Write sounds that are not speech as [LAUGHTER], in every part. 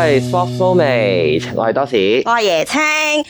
係 Sportso-mate，我係多士，我係椰青。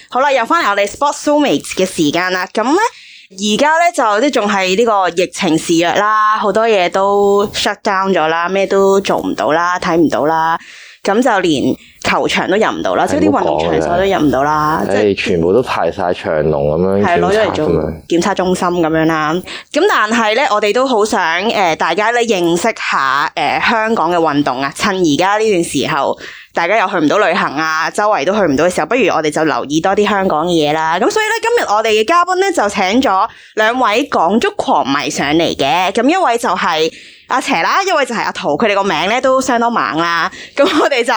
好啦，又翻嚟我哋 Sportso-mate 嘅時間啦。咁咧，而家咧就都仲係呢個疫情肆虐啦，好多嘢都 shutdown 咗啦，咩都做唔到啦，睇唔到啦。咁就連球場都入唔到啦，即係啲運動場所都入唔到啦。誒、欸，即係全部都排晒長龍咁樣，係攞咗嚟做檢測中心咁樣啦。咁但係咧，我哋都好想誒，大家咧認識下誒香港嘅運動啊。趁而家呢段時候，大家又去唔到旅行啊，周圍都去唔到嘅時候，不如我哋就留意多啲香港嘅嘢啦。咁所以咧，今日我哋嘅嘉賓咧就請咗兩位港足狂迷上嚟嘅，咁一位就係阿邪啦，一位就係阿屠，佢哋個名咧都相當猛啦。咁我哋就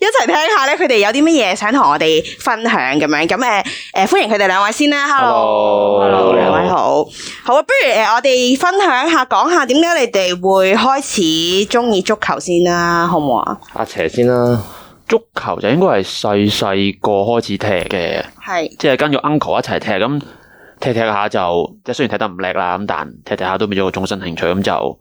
一齊。聽下咧，佢哋有啲乜嘢想同我哋分享咁樣咁誒誒，歡迎佢哋兩位先啦。Hello，h e l 兩位好，Hello. 好啊。不如誒、呃，我哋分享一下，講下點解你哋會開始中意足球先啦，好唔好啊？阿邪先啦，足球就應該係細細個開始踢嘅，係是，即係跟住 uncle 一齊踢，咁踢踢下就，即係雖然踢得唔叻啦，咁但踢踢下都變咗個終身興趣，咁就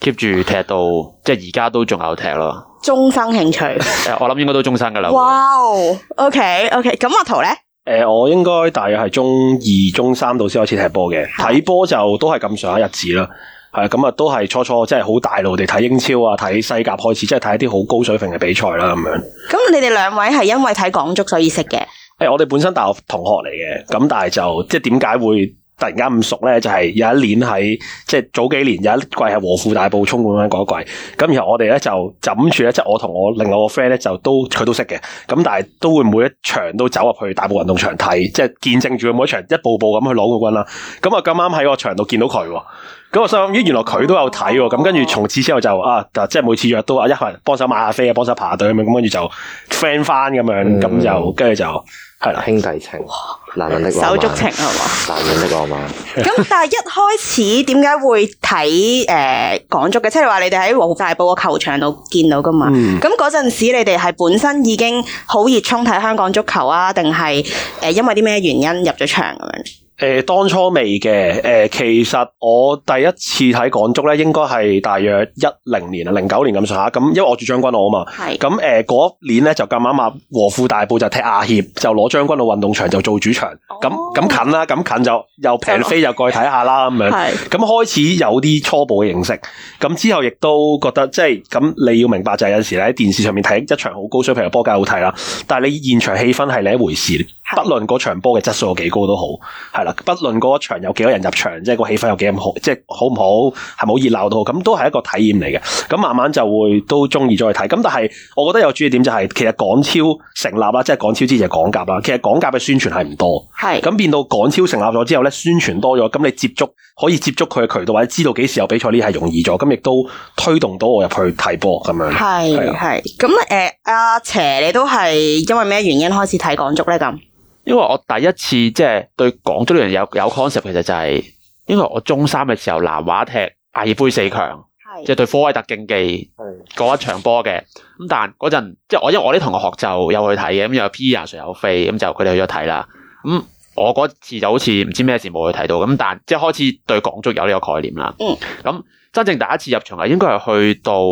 keep 住踢到，即係而家都仲有踢咯。終生興趣， [LAUGHS] 我諗應該都終生噶啦。哇哦、wow,，OK OK，咁阿屠咧？誒、呃，我應該大約係中二、中三到先開始踢波嘅，睇波就都係咁上下日子啦。係咁啊，嗯嗯嗯、都係初初即係好大路地睇英超啊，睇西甲開始，即係睇一啲好高水平嘅比賽啦咁樣。咁、嗯、你哋兩位係因為睇港足所以識嘅？誒、哎，我哋本身大學同學嚟嘅，咁但係就即係點解會？突然間唔熟咧，就係有一年喺，即係早幾年有一季係和富大埔衝咁樣嗰一季，咁然後我哋咧就枕住咧，即係我同我另外個 friend 咧就都佢都識嘅，咁但係都會每一場都走入去大埔運動場睇，即係見證住佢每一場一步步咁去攞冠軍啦。咁啊咁啱喺個場度見到佢，咁我心諗原來佢都有睇，咁跟住從此之後就啊，即係每次約都啊一係幫手買下飛啊，幫手排下隊咁樣，咁跟住就 friend 翻咁樣，咁就跟住就。係啦，兄弟情，男人哇嘅浪漫，手足情係嘛，男人嘅浪漫嘛。咁 [LAUGHS] 但係一開始點解會睇誒、呃、港足嘅？即係話你哋喺黃大埔個球場度見到㗎嘛？咁嗰陣時你哋係本身已經好熱衷睇香港足球啊？定係誒因為啲咩原因入咗場咁樣？誒、呃，當初未嘅，誒、呃，其實我第一次睇港足咧，應該係大約一零年啊，零九年咁上下，咁因為我住將軍澳啊嘛，係是，咁誒嗰年咧就咁啱啊，和富大埔就踢亞協，就攞將軍澳運動場就做主場，咁、嗯、咁、哦嗯、近啦，咁近就又平飛就過去睇下啦，咁樣的，係是，咁、嗯、開始有啲初步嘅認識，咁、嗯、之後亦都覺得即係，咁你要明白就係有陣時咧喺電視上面睇一場好高水平嘅波梗係好睇啦，但係你現場氣氛係另一回事，的不論嗰場波嘅質素有幾高都好，係不論嗰場有幾多人入場，即係個氣氛有幾咁好，即係好唔好，係冇好熱鬧都好，咁都係一個體驗嚟嘅。咁慢慢就會都中意咗去睇。咁但係，我覺得有主要點就係，其實港超成立啦，即係港超之前係港甲啦。其實港甲嘅宣傳係唔多，係咁是變到港超成立咗之後咧，宣傳多咗，咁你接觸可以接觸佢嘅渠道，或者知道幾時有比賽呢？係容易咗，咁亦都推動到我入去睇波咁樣。係係咁誒，阿、呃、邪，你都係因為咩原因開始睇港足咧？咁？因為我第一次即係、就是、對港足人有有 concept 其實就係、是，因為我中三嘅時候南華踢亞協盃四強，即係的對科威特競技嗰的場波嘅，咁但嗰陣即係我因為我啲同學學就又去睇嘅，咁又 peer s 有飛，咁就佢哋去咗睇啦。咁、嗯、我嗰次就好似唔知咩事冇去睇到，咁但即係、就是、開始對港足有呢個概念啦。嗯，咁真正第一次入場係應該係去到。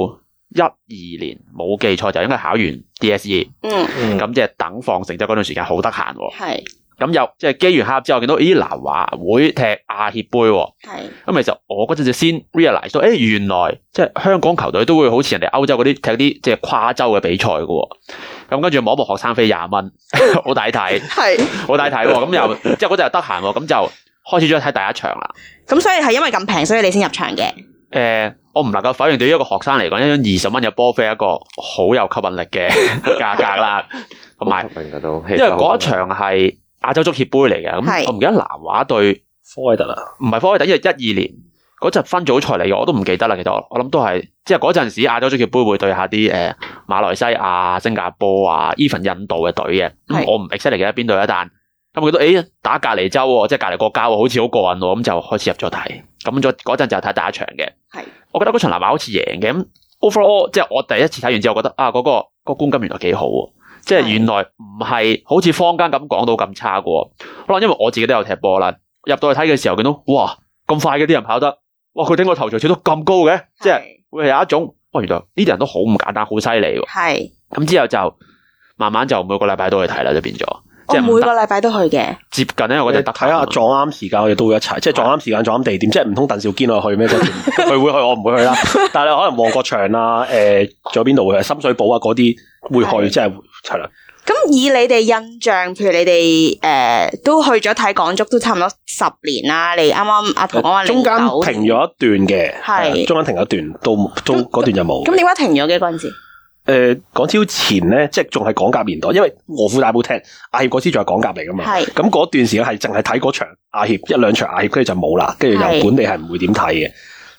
一二年，冇記錯，就應該考完 DSE，嗯，咁即係等放成績嗰段時間好得閒喎。係是，咁又即係機緣巧合之後，見到咦南、哎、華會踢亞協杯喎、哦。係是，咁其實我嗰陣就先 realize 到、欸，原來即係、就是、香港球隊都會好似人哋歐洲嗰啲踢啲即係跨洲嘅比賽嘅喎、哦。咁跟住望一望學生飛廿蚊，好 [LAUGHS] 抵睇看，係好是抵睇喎、哦。咁又即係嗰陣又得閒喎，咁、就是哦、就開始咗睇第一場啦。咁所以係因為咁平，所以你先入場嘅？誒、欸。我唔能夠否認，對於一個學生嚟講，一張二十蚊嘅波飛係一個好有吸引力嘅 [LAUGHS] 價格啦，同埋，因為嗰一場係亞洲足協杯嚟嘅，咁是我唔記得南華對科威特啦，唔係是科威特，因為一二年嗰陣分組賽嚟嘅，我都唔記得啦，其實我諗都係，即係嗰陣時亞洲足協杯會對一下啲誒馬來西亞、新加坡啊，even 印度嘅隊嘅是、嗯，我唔 expect 到邊隊，但係我覺得、欸、打隔離洲、啊，即、就、係、是、隔離國家、啊，好似好過癮喎、啊，咁就開始入咗睇。咁咗嗰陣就睇第一場嘅，是我覺得嗰場南華好似贏嘅。咁 overall 即係我第一次睇完之後，覺得啊嗰、嗰個、嗰個觀感原來幾好喎，即係原來唔係好似坊間咁講到咁差嘅喎。可能因為我自己都有踢波啦，入到去睇嘅時候見到哇咁快嘅啲人跑得，哇佢頂個頭鎚跳得咁高嘅，是即係會有一種哇原來呢啲人都好唔簡單，好犀利喎。係咁是之後就慢慢就每個禮拜都去睇啦，就變咗。即係每個禮拜都去嘅，接近咧。我哋睇下撞啱時間，我哋都會一齊。即係撞啱時間，撞啱地點，即係唔通鄧兆堅我又去咩？佢會去，我唔會去啦。但係可能旺角場啊，誒，仲有邊度嘅深水埗啊，嗰啲會去，即係係啦。咁以你哋印象，譬如你哋誒都去咗睇港足，都差唔多十年啦。你啱啱阿屠講話中間停咗一段嘅，係中間停咗一段，都都嗰段就冇。咁點解停咗嘅？嗰陣時。誒，港超前咧，即係仲係港甲年代，因為和富大埔聽亞協嗰支仲係港甲嚟噶嘛。係咁，嗰段時間係淨係睇嗰場亞協一兩場亞協，跟住就冇啦。跟住由本地係唔會點睇嘅。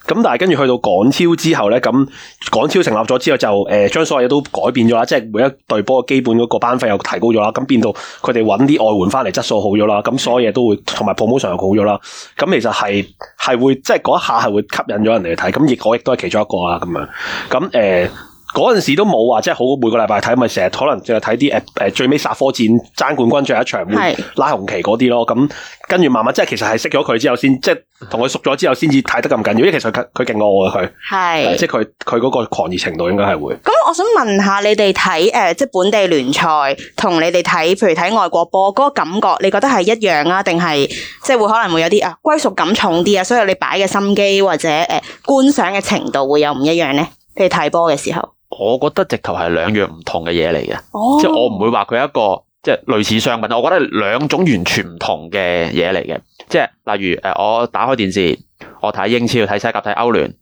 咁但係跟住去到港超之後咧，咁港超成立咗之後就誒，將所有嘢都改變咗啦。即係每一隊波基本嗰個班費又提高咗啦。咁變到佢哋揾啲外援翻嚟，質素好咗啦。咁所有嘢都會同埋 promotion 又好咗啦。咁其實係係會即係嗰一下係會吸引咗人嚟睇。咁亦火亦都係其中一個啊咁樣。咁誒。嗰陣時都冇話即係好，每個禮拜睇咪成日可能淨係睇啲誒誒最尾殺科戰、爭冠軍最後一場會拉紅旗嗰啲咯。咁跟住慢慢即係其實係識咗佢之後先，即係同佢熟咗之後先至睇得咁緊要。因為其實佢佢勁過我嘅佢係，是即係佢佢嗰個狂熱程度應該係會。咁我想問下你哋睇誒即係本地聯賽同你哋睇，譬如睇外國波嗰個感覺，你覺得係一樣啊，定係即係會可能會有啲啊歸屬感重啲啊，所以你擺嘅心機或者誒、呃、觀賞嘅程度會有唔一樣咧？你睇波嘅時候。我覺得直頭係兩樣唔同嘅嘢嚟嘅，即係我唔會話佢係一個即係類似商品，我覺得兩種完全唔同嘅嘢嚟嘅。即係例如誒，我打開電視，我睇英超、睇西甲、睇歐聯，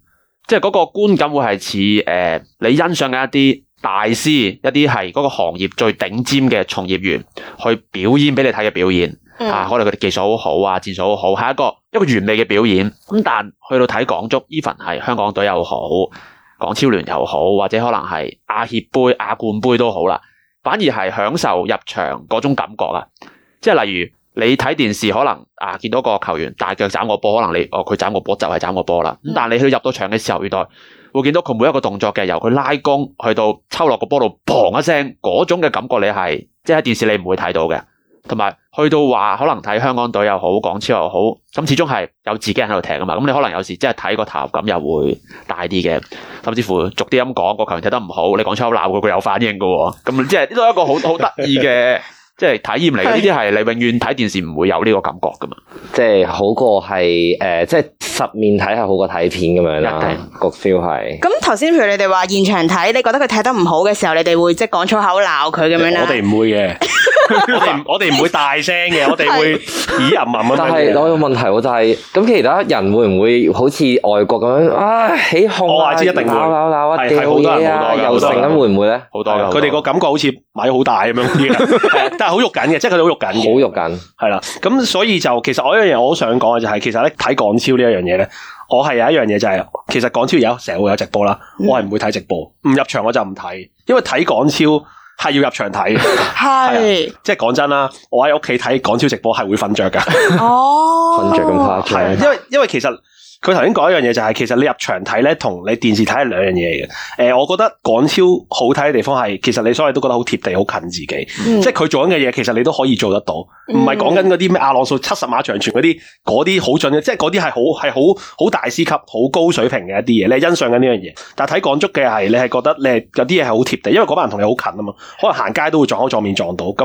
即係嗰個觀感會係似誒你欣賞嘅一啲大師，一啲係嗰個行業最頂尖嘅從業員去表演俾你睇嘅表演嚇，可能佢哋技術好好啊，戰術好好，係一個一個完美嘅表演。咁但去到睇港足，even 係香港隊又好。港超聯又好，或者可能係亞協杯、亞冠杯都好啦。反而係享受入場嗰種感覺啊！即係例如你睇電視，可能啊見到個球員大腳斬個波，可能你哦佢斬個波就係斬個波啦。咁但係你去到入到場嘅時候，原來會見到佢每一個動作嘅由佢拉弓去到抽落個波度，砰一聲嗰種嘅感覺你，你係即係喺電視你唔會睇到嘅，同埋。去到話可能睇香港隊又好，港超又好，咁始終係有自己人喺度踢噶嘛。咁你可能有時即係睇個投入感又會大啲嘅，甚至乎逐啲咁講個球員踢得唔好，你講粗口鬧佢，佢有反應噶喎、哦。咁即係呢個一個好好得意嘅。 [LAUGHS] 即係體驗嚟，呢啲係你永遠睇電視唔會有呢個感覺噶嘛？即係好過係誒，即係實面睇係好過睇片咁樣啦。一定，個 feel 係。咁頭先，譬如你哋話現場睇，你覺得佢睇得唔好嘅時候，你哋會即係講粗口鬧佢咁樣咧？我哋唔會嘅，我我哋唔會大聲嘅，我哋會以人文。但係我有個問題我就係，咁其他人會唔會好似外國咁樣啊起哄？我話知定係鬧鬧鬧啊，係係好多啊，又剩咁會唔會咧？好多噶，佢哋個感覺好似買好大咁樣。好肉緊嘅，即係佢哋好肉緊嘅。好肉緊，係啦，咁所以就其實我一樣嘢，我好想講嘅就係、是，其實咧睇港超呢一樣嘢咧，我係有一樣嘢就係、是，其實港超有成日會有直播啦，我係唔會睇直播，唔入場我就唔睇，因為睇港超係要入場睇嘅，係 [LAUGHS] 是，即係講真啦，我喺屋企睇港超直播係會瞓着噶，哦，瞓着咁誇張，因為因為其實。佢頭先講一樣嘢就係，其實你入場睇咧，同你電視睇係兩樣嘢嘅。誒、呃，我覺得港超好睇嘅地方係，其實你所謂都覺得好貼地、好近自己，嗯、即係佢做緊嘅嘢，其實你都可以做得到。唔係講緊嗰啲咩阿朗素七十碼長傳嗰啲，嗰啲好準嘅，即係嗰啲係好係好好大師級、好高水平嘅一啲嘢，你欣賞緊呢樣嘢。但係睇港足嘅係，你係覺得你係有啲嘢係好貼地，因為嗰班人同你好近啊嘛，可能行街都會撞口撞面撞到，咁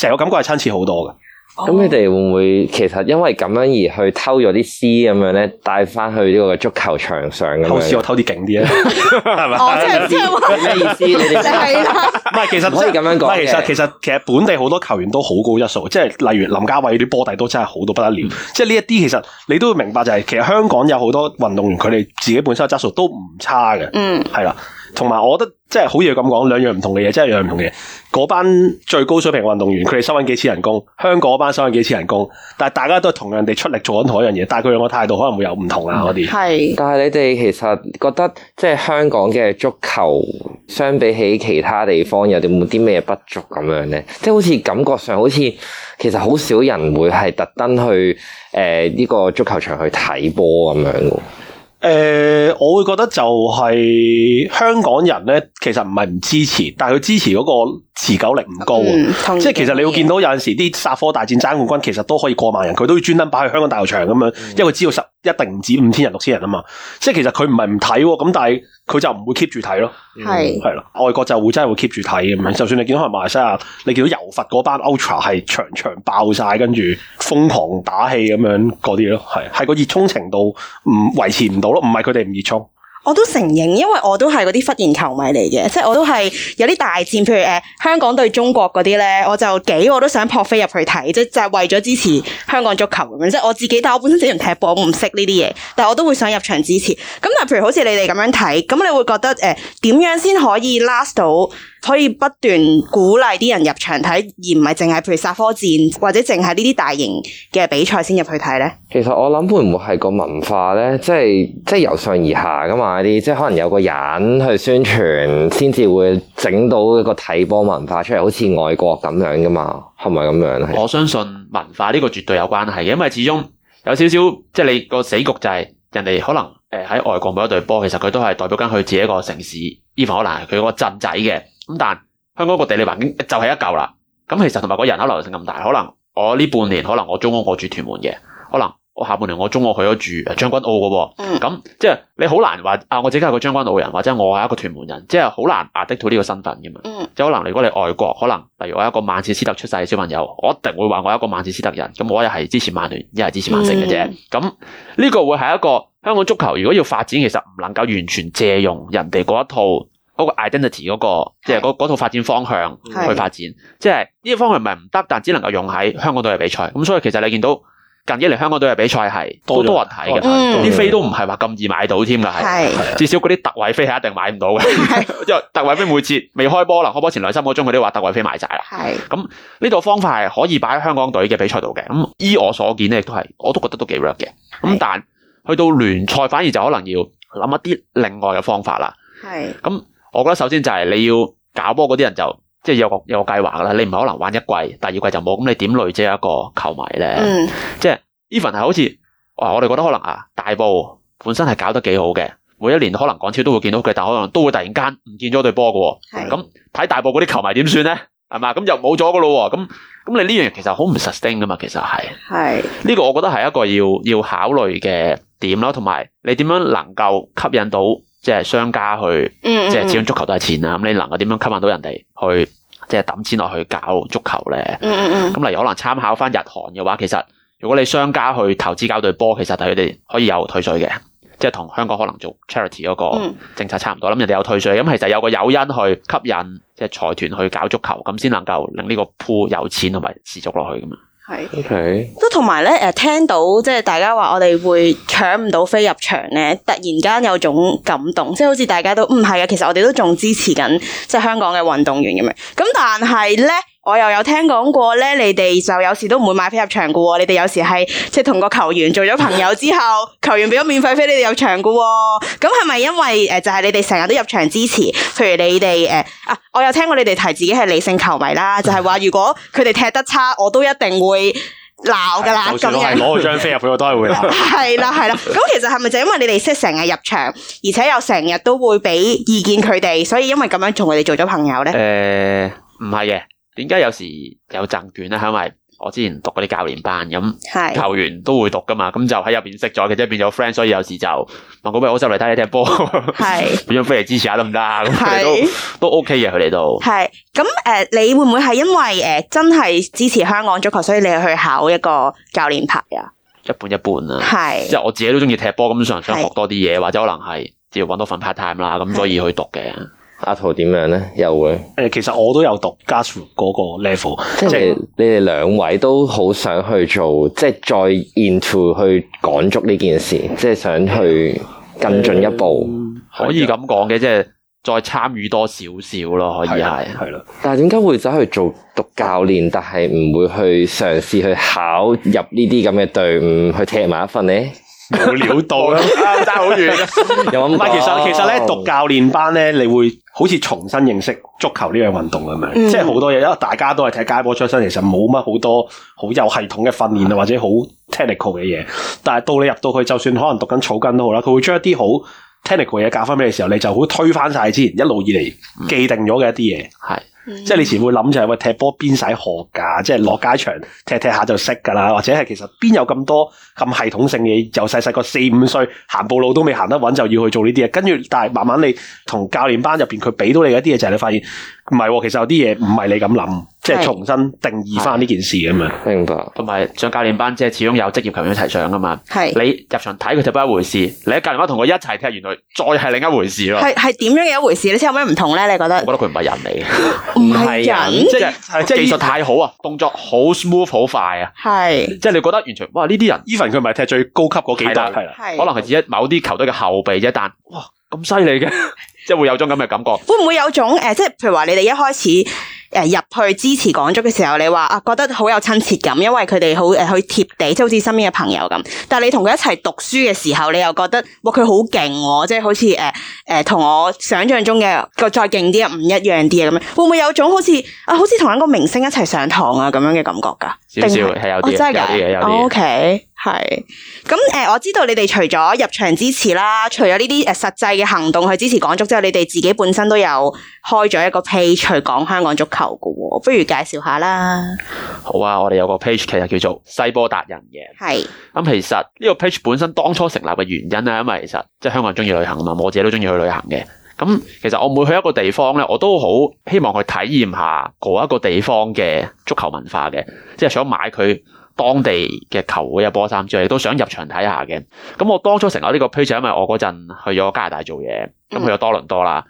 成個感覺係親切好多嘅。咁、哦嗯、你哋會唔會其實因為咁樣而去偷咗啲師咁樣咧，帶返去呢個足球場上咁樣？偷師我偷啲勁啲啊，係咪？我真係唔知咩意思？你哋真係，唔係其實可以咁樣講。其實其實,其實,其,實,其,實其實本地好多球員都好高質素，即係例如林嘉緯啲波底都真係好到不得了。即係呢一啲其實你都會明白就係，其實香港有好多運動員，佢哋自己本身嘅質素都唔差嘅。嗯，係啦。同埋，我覺得即係好似你咁講，兩樣唔同嘅嘢，即係兩樣唔同嘅嘢。嗰班最高水平運動員，佢哋收緊幾次人工；香港班收緊幾次人工。但係大家都係同樣地出力做緊同一樣嘢，但係佢兩個態度可能會有唔同啊！嗰啲係，但係你哋其實覺得即係香港嘅足球相比起其他地方，有啲冇啲咩不足咁樣咧？即係好似感覺上，好似其實好少人會係特登去誒呢個足球場去睇波咁樣。誒、呃，我會覺得就係香港人咧，其實唔係唔支持，但係佢支持嗰個持久力唔高、嗯、即係其實你會見到有陣時啲殺科大戰爭冠軍其實都可以過萬人，佢都要專登擺喺香港大球場咁樣，嗯、因為佢知道一定唔止五千人、嗯、六千人啊嘛。即係其實佢唔係唔睇喎，咁但係。佢就唔會 keep 住睇咯，係係啦，外國就會真係會 keep 住睇咁樣。的就算你見到馬來西亞，你見到柔佛嗰班 Ultra 係場場爆晒，跟住瘋狂打氣咁樣嗰啲咯，係係個熱衷程度唔維持唔到咯，唔係佢哋唔熱衷。我都承認，因為我都係嗰啲忽然球迷嚟嘅，即係我都係有啲大戰，譬如誒、呃、香港對中國嗰啲咧，我就幾我都想撲飛入去睇，即就係為咗支持香港足球咁樣，即係我自己，但我本身只係踢波，唔識呢啲嘢，但係我都會想入場支持。咁但譬如好似你哋咁樣睇，咁你會覺得誒、呃、點樣先可以 last 到？可以不斷鼓勵啲人入場睇，而唔係淨係譬如煞科戰，或者淨係呢啲大型嘅比賽先入去睇呢？其實我諗會唔會係個文化呢？即係即係由上而下噶嘛啲，即係可能有個人去宣傳，先至會整到一個睇波文化出嚟，好似外國咁樣噶嘛，係咪咁樣？我相信文化呢個絕對有關係嘅，因為始終有少少即係你個死局就係人哋可能誒喺外國每一隊波，其實佢都係代表緊佢自己一個城市，even 可能係佢個鎮仔嘅。咁但香港個地理環境就係一嚿啦，咁其實同埋個人口流動性咁大，可能我呢半年可能我租屋我住屯門嘅，可能我下半年我租屋我去咗住將軍澳噶喎，咁、嗯、即係你好難話啊，我自己係一個將軍澳人，或者我係一個屯門人，即係好難壓得到呢個身份噶嘛，嗯、即係可能如果你外國，可能例如我係一個曼徹斯特出世嘅小朋友，我一定會話我係一個曼徹斯特人，咁我又係支持曼聯，亦係支持曼城嘅啫。咁呢、嗯，這個會係一個香港足球如果要發展，其實唔能夠完全借用人哋嗰一套。嗰個 identity 嗰、嗰個，即係嗰套發展方向去發展，是即係呢個方向唔係唔得，但只能夠用喺香港隊嘅比賽。咁所以其實你見到近幾年香港隊嘅比賽係多多人睇嘅，啲飛都唔係話咁易買到添㗎，係至少嗰啲特惠飛係一定買唔到嘅是。 [LAUGHS] 特惠飛每次未開波啦，開波前兩三個鐘佢哋話特惠飛買曬啦。係，咁呢套方法係可以擺喺香港隊嘅比賽度嘅。咁依我所見咧，亦都係我都覺得都幾叻嘅。咁是但去到聯賽反而就可能要諗一啲另外嘅方法啦。係咁是。我覺得首先就係你要搞波嗰啲人就即係有個有個計劃啦。你唔係可能玩一季，第二季就冇咁，你點累積一個球迷咧？嗯即，即係 even 係好似我哋覺得可能啊，大埔本身係搞得幾好嘅，每一年可能港超都會見到佢，但可能都會突然間唔見咗對波嘅。係咁睇大埔嗰啲球迷點算咧？係嘛，咁又冇咗嘅咯喎。咁咁你呢樣其實好唔 sustain 嘛，其實係。係呢是 個我覺得係一個要要考慮嘅點啦，同埋你點樣能夠吸引到？即係商家去，即係始終足球都係錢啊！咁你能夠點樣吸引到人哋去，即係抌錢落去搞足球咧？咁例如可能參考翻日韓嘅話，其實如果你商家去投資搞隊波，其實佢哋可以有退稅嘅，即係同香港可能做 charity 嗰個政策差唔多啦。嗯、人哋有退稅，咁其實有個誘因去吸引即係財團去搞足球，咁先能夠令呢個鋪有錢同埋持續落去噶嘛。係，都同埋咧，誒 Okay.，聽到即係大家話我哋會搶唔到飛入場咧，突然間有種感動，即係好似大家都，嗯，係啊，其實我哋都仲支持緊即係香港嘅運動員咁樣，咁但係咧。我又有聽講過咧，你哋就有時都唔會買飛入場噶喎、哦。你哋有時係即係同個球員做咗朋友之後，球員俾咗免費飛、哦，你哋入場噶喎。咁係咪因為誒、呃，就係、是、你哋成日都入場支持？譬如你哋誒啊，我有聽過你哋提自己係理性球迷啦， [LAUGHS] 就係話如果佢哋踢得差，我都一定會鬧噶啦。咁 [LAUGHS] 樣攞個張飛入去，我都係會鬧。係啦係啦，咁其實係咪就因為你哋識成日入場，而且又成日都會俾意見佢哋，所以因為咁樣同佢哋做咗朋友咧？誒、呃，唔係嘅。點解有時有贈券？咧？因為我之前讀嗰啲教練班，咁球員都會讀噶嘛，咁是就喺入邊識咗，即係變咗 friend，所以有時就問，嗱，嗰位我入嚟睇你踢波，變咗飛嚟支持下得唔得？咁佢是都都 OK 嘅，佢哋都係咁誒，你會唔會係因為誒真係支持香港足球，所以你去考一個教練牌啊？一半一半啦，係即係我自己都中意踢波，咁想想學多啲嘢，或者可能係要搵多份 part time 啦，咁所以,以去讀嘅。阿屠點樣咧？又會誒，其實我都有讀 g a 嗰個 level，即係你哋兩位都好想去做，即係再 into 去港足呢件事，即係想去更進一步，的可以咁講嘅，的即係再參與多少少咯，可以係，係咯。但係點解會走去做讀教練，但係唔會去嘗試去考入呢啲咁嘅隊伍去踢埋一份咧？冇料到啊，差好遠。唔係， [LAUGHS] 其實其實咧 [LAUGHS] 讀教練班咧，你會好似重新認識足球呢樣運動咁樣，嗯、即係好多嘢，因為大家都係睇街波出身，其實冇乜好多好有系統嘅訓練啊，是的 或者好 technical 嘅嘢。但係到你入到去，就算可能讀緊草根都好啦，佢會將一啲好 technical 嘅嘢教翻俾你，時候你就好推翻晒之前一路以嚟既定咗嘅一啲嘢，係。嗯嗯、即係你前會諗就係、是、喂踢波邊使學噶，即係落街場踢踢下就識噶啦，或者係其實邊有咁多咁系統性嘅，由細細個四五歲行步路都未行得穩，就要去做呢啲嘢。跟住但係慢慢你同教練班入邊佢俾到你一啲嘢，就係你發現。唔係，其實有啲嘢唔係你咁諗，即係重新定義返呢件事咁樣。明白。同埋上教練班，即係始終有職業球員一齊上㗎嘛。係。你入場睇佢踢不一回事，你喺教練班同佢一齊踢，原來再係另一回事咯。係係點樣嘅一回事？你知有咩唔同咧？你覺得？我覺得佢唔係人嚟，唔係人，即係即係技術太好啊，動作好 smooth 好快啊。係。即係你覺得完全哇呢啲人，even 佢唔係踢最高級嗰幾單，係可能係一某啲球隊嘅後備一單。哇，咁犀利嘅！即係會有種咁嘅感覺，會唔會有種誒？即、呃、係譬如話，你哋一開始誒入、呃、去支持港足嘅時候，你話啊覺得好有親切感，因為佢哋好誒好貼地，即係好似身邊嘅朋友咁。但係你同佢一齊讀書嘅時候，你又覺得哇佢好勁喎！即係好似誒誒同我想像中嘅個再勁啲啊，唔一樣啲啊咁樣。會唔會有種好似啊，好似同一個明星一齊上堂啊咁樣嘅感覺㗎？少少係是有啲嘢、哦，真係？有啲、有啲 O K。係，咁誒、嗯，我知道你哋除咗入場支持啦，除咗呢啲誒實際嘅行動去支持港足之後，你哋自己本身都有開咗一個 page 去講香港足球嘅，不如介紹下啦。好啊，我哋有個 page 其實叫做西波達人嘅。係是，咁其實呢個 page 本身當初成立嘅原因咧，因為其實即係香港人中意旅行嘛，我自己都中意去旅行嘅。咁其實我每去一個地方咧，我都好希望去體驗下嗰一個地方嘅足球文化嘅，嗯、即係想買佢。當地嘅球會入波三注，亦都想入場睇下嘅。咁我當初成日呢個 project，因為我嗰陣去咗加拿大做嘢，咁、嗯、去咗多倫多啦。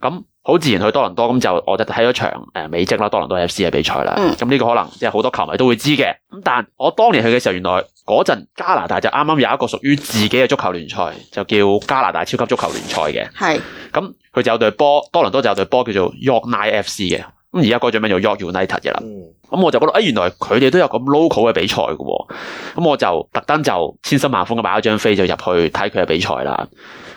咁好自然去多倫多，咁就我就睇咗場誒美職啦，多倫多 FC 嘅比賽啦。咁呢、嗯、個可能即係好多球迷都會知嘅。咁但係我當年去嘅時候，原來嗰陣加拿大就啱啱有一個屬於自己嘅足球聯賽，就叫加拿大超級足球聯賽嘅。係是。咁佢就有隊波，多倫多就有隊波叫做約克九 FC 嘅。咁而家嗰張叫做 York United 嘅啦，咁我就覺得啊、哎，原來佢哋都有咁 local 嘅比賽嘅喎、哦，咁我就特登就千辛萬苦咁買咗張飛就入去睇佢嘅比賽啦，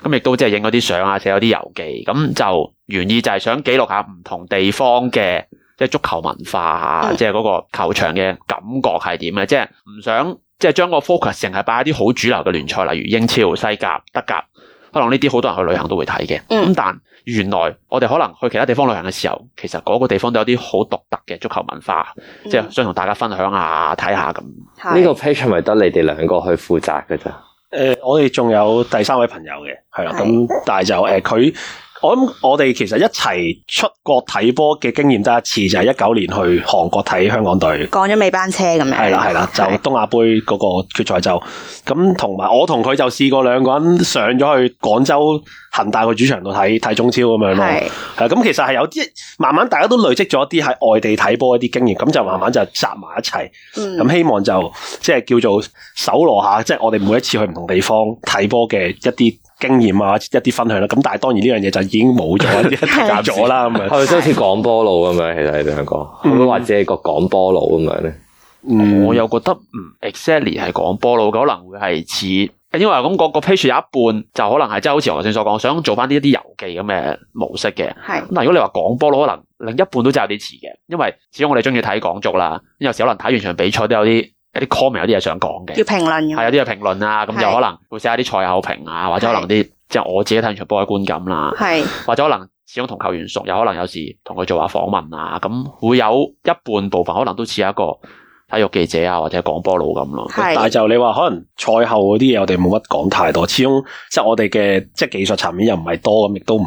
咁亦都即係影嗰啲相啊，寫嗰啲遊記，咁就原意就係想記錄下唔同地方嘅即係足球文化啊，嗯、即係嗰個球場嘅感覺係點啊？即係唔想即係將個 focus 成係擺一啲好主流嘅聯賽，例如英超、西甲、德甲。可能呢啲好多人去旅行都會睇嘅，咁但原來我哋可能去其他地方旅行嘅時候，其實嗰個地方都有啲好獨特嘅足球文化，即係想同大家分享下睇下咁。呢個 page 咪得你哋兩個去負責嘅咋誒？我哋仲有第三位朋友嘅，係啦，咁但係就誒佢。呃我諗我哋其實一齊出國睇波嘅經驗得一次，就係一九年去韓國睇香港隊。趕咗尾班車咁樣。係啦，係啦，就東亞盃嗰個決賽就咁，同埋我同佢就試過兩個人上咗去廣州恆大個主場度睇睇中超咁樣咯。係是的，咁其實係有啲慢慢大家都累積咗一啲喺外地睇波一啲經驗，咁就慢慢就集埋一齊。咁希望就即係、就是、叫做搜羅下，即、就、係、是、我哋每一次去唔同地方睇波嘅一啲。經驗啊，一啲分享啦、啊。咁但係當然呢樣嘢，就已經冇咗，一暫時啦。係咪即係好似港波路咁樣？其實你哋兩個，或者、嗯、個港波路咁樣咧？嗯、我又覺得，嗯，唔 exactly 係港波路，可能會係似，因為咁個 page 有一半就可能係，即係好似我頭先所講，想做翻啲一啲遊記咁嘅模式嘅。係是。咁，但係如果你話港波路，可能另一半都真係有啲似嘅，因為始終我哋中意睇港足啦，有時可能睇完場比賽都有啲。一啲 comment 有啲嘢想講嘅，叫評論係有啲嘢評論啊，咁、啊、就可能會寫啲賽後評啊，或者可能啲是 即係我自己睇場波嘅觀感啦、啊，係是 或者可能始終同球員熟，有可能有時同佢做下訪問啊，咁會有一半部分可能都似一個體育記者啊或者講波佬咁咯，但係是 就你話可能賽後嗰啲嘢我哋冇乜講太多，始終即係我哋嘅即係技術層面又唔係多，咁亦都唔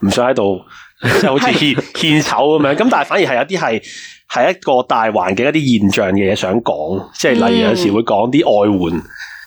唔想喺度。即係 [LAUGHS] 好似獻獻醜咁樣，咁 [LAUGHS] 但係反而係有啲係係一個大環境一啲現象嘅嘢想講，即係例如有時會講啲外援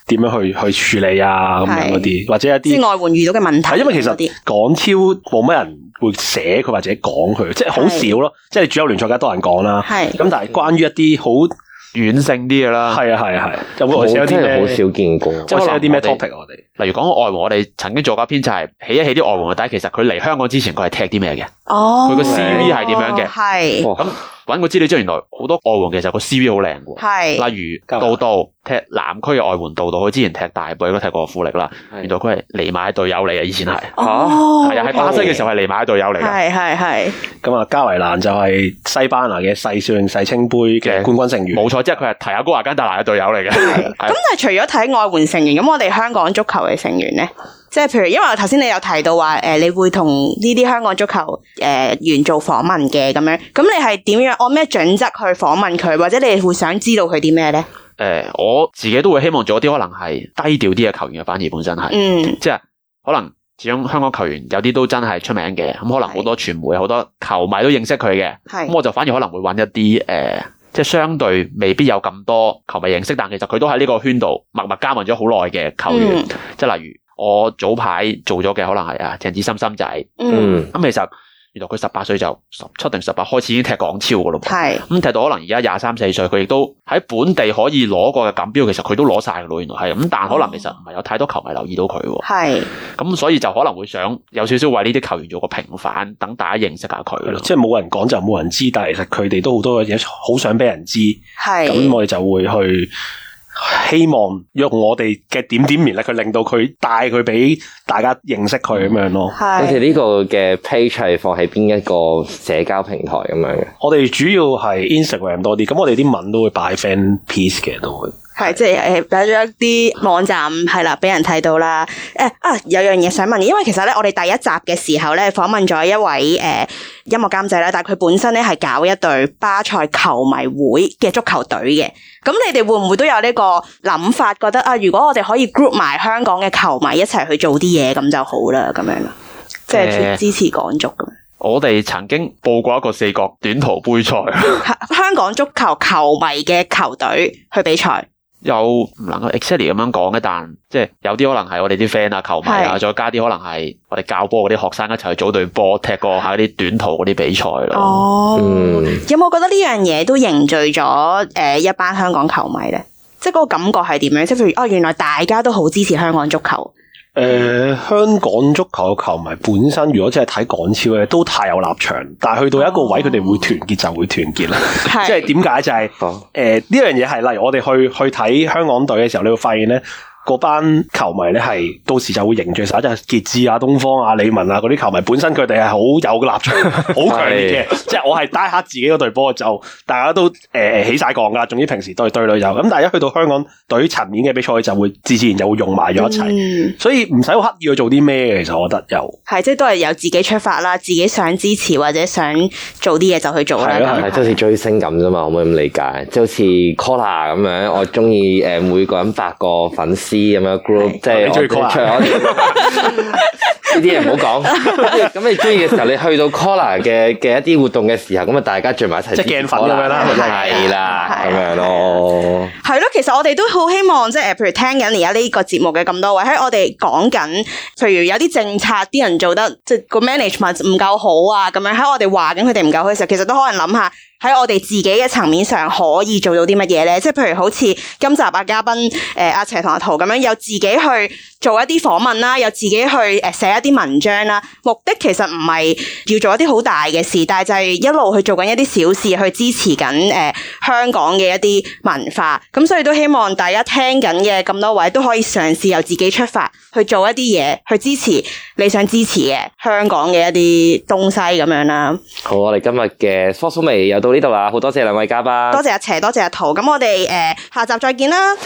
點樣去去處理啊咁樣嗰啲，或者一啲外援遇到嘅問題。因為其實港超冇乜人會寫佢或者講佢，即係好少咯。即係是主流聯賽梗係多人講啦。係咁是，但係關於一啲好。遠性啲嘅啦，係啊係啊係，啊就會我真係好少見過。即係寫啲咩 topic？我哋們例如講外援，我哋曾經做過一篇就係、是、起一啲外援嘅，底。其實佢嚟香港之前佢係踢啲咩嘅？哦，佢個 CV 係點樣嘅？係咁。搵個資料之後，原來好多外援其實個 C.V. 好靚喎。係是，例如杜杜是踢南區嘅外援，杜杜佢之前踢大埔，都踢過富力啦。是原來佢係尼馬嘅隊友嚟嘅。以前係嚇，係喺是 okay. 巴西嘅時候係尼馬嘅隊友嚟嘅。係係係。咁啊，加維蘭就係西班牙嘅世少定世青杯嘅冠軍成員。冇錯，即係佢係提阿哥亞加達拿嘅隊友嚟嘅。咁但係除咗睇外援成員，咁我哋香港足球嘅成員咧？即係譬如，因為我頭先你有提到話，誒、呃，你會同呢啲香港足球誒員、呃、做訪問嘅咁樣，咁你係點樣按咩準則去訪問佢？或者你會想知道佢啲咩咧？誒、呃，我自己都會希望做一啲可能係低調啲嘅球員嘅，反而本身係，嗯，即係可能，始終香港球員有啲都真係出名嘅，咁可能好多傳媒、好是多球迷都認識佢嘅，咁是我就反而可能會揾一啲誒、呃，即係相對未必有咁多球迷認識，但其實佢都喺呢個圈度默默加盟咗好耐嘅球員，即係、嗯、例如。我早排做咗嘅可能係啊，鄭智深深仔。嗯，咁、嗯、其實原來佢十八歲就十七定十八開始已經踢港超噶咯是。係咁踢到可能而家廿三四歲，佢亦都喺本地可以攞過嘅錦標，其實佢都攞晒嘅咯。原來係咁，但可能其實唔係有太多球迷留意到佢、啊。係咁、嗯，所以就可能會想有少少為呢啲球員做個平反，等大家認識下佢咯。即係冇人講就冇人知，但係其實佢哋都好多嘢好想俾人知。係咁的，我哋就會去。希望用我哋嘅點點綿力，去令到佢帶佢俾大家認識佢咁、嗯、樣咯。我哋呢個嘅 page 係放喺邊一個社交平台咁樣嘅？我哋主要係 Instagram 多啲，咁我哋啲文都會擺 fan page 嘅都會。係，即係誒擺咗一啲網站係啦，俾人睇到啦。誒、哎、啊，有樣嘢想問你，因為其實咧，我哋第一集嘅時候咧，訪問咗一位誒、呃、音樂監製啦，但係佢本身咧係搞一隊巴塞球迷會嘅足球隊嘅。咁你哋會唔會都有呢個諗法？覺得啊，如果我哋可以 group 埋香港嘅球迷一齊去做啲嘢，咁就好啦。咁樣，即係支持港足咁。我哋曾經報過一個四角短途杯賽，香港足球球迷嘅球隊去比賽。又唔能夠 exactly 咁樣講嘅，但即係有啲可能係我哋啲 friend 啊、球迷啊，再加啲可能係我哋教波嗰啲學生一齊去組隊波，踢過下啲短途嗰啲比賽咯。哦，oh, 有冇覺得呢樣嘢都凝聚咗誒一班香港球迷咧？即係嗰個感覺係點樣？即譬如哦，原來大家都好支持香港足球。誒、呃，香港足球嘅球迷本身如果真係睇港超咧，都太有立場。但係去到一個位，佢哋會團結就會團結啦。即係點解？就係誒呢樣嘢係，例如我哋去去睇香港隊嘅時候，你會發現咧。嗰班球迷咧，係到時就會凝聚晒，即係傑志啊、東方啊、李文啊嗰啲球迷本身佢哋係好有嘅立場，好強 [LAUGHS] 烈嘅。 [LAUGHS] 即係我係帶黑自己嗰隊波，就大家都誒起晒槓噶。總之平時都對對壘就咁，但係一去到香港隊層面嘅比賽，就會自自然就會用埋咗一齊。嗯、所以唔使好刻意去做啲咩嘅，其實我覺得又係即係都係由自己出發啦，自己想支持或者想做啲嘢，就去做啦。係咯、啊，即係似追星咁啫嘛，可唔可以咁理解？即係好似 Calla 咁樣，我中意誒，每個人發個粉絲。 [LAUGHS] 事咁樣 group，即係我哋唱 [LAUGHS] 我哋呢啲嘢唔好講。咁你中意嘅時候，你去到 Collar 嘅嘅一啲活動嘅時候，咁啊大家聚埋一齊勢，即係鏡粉咁樣啦，係啦咁樣咯。係咯，其實我哋都好希望即係誒，譬如聽緊而家呢個節目嘅咁多位喺我哋講緊，譬如有啲政策啲人做得即係、就、個、是、management 唔夠好啊咁樣，喺我哋話緊佢哋唔夠好嘅時候，其實都可能諗下喺我哋自己嘅層面上可以做到啲乜嘢咧？即係譬如好似今集阿嘉賓誒、呃、阿邪同阿屠咁樣，有自己去做一啲訪問啦，有自己去誒寫一啲文章啦。目的其實唔係要做一啲好大嘅事，但係就係一路去做緊一啲小事去支持緊誒香港嘅一啲文化。咁所以都希望大家聽緊嘅咁多位都可以嘗試由自己出發去做一啲嘢，去支持你想支持嘅香港嘅一啲東西咁樣啦。好，我哋今日嘅 Sportso-mate 又到呢度啦，好多謝兩位嘉賓，多謝阿邪，多謝阿屠。咁我哋誒、呃、下集再見啦。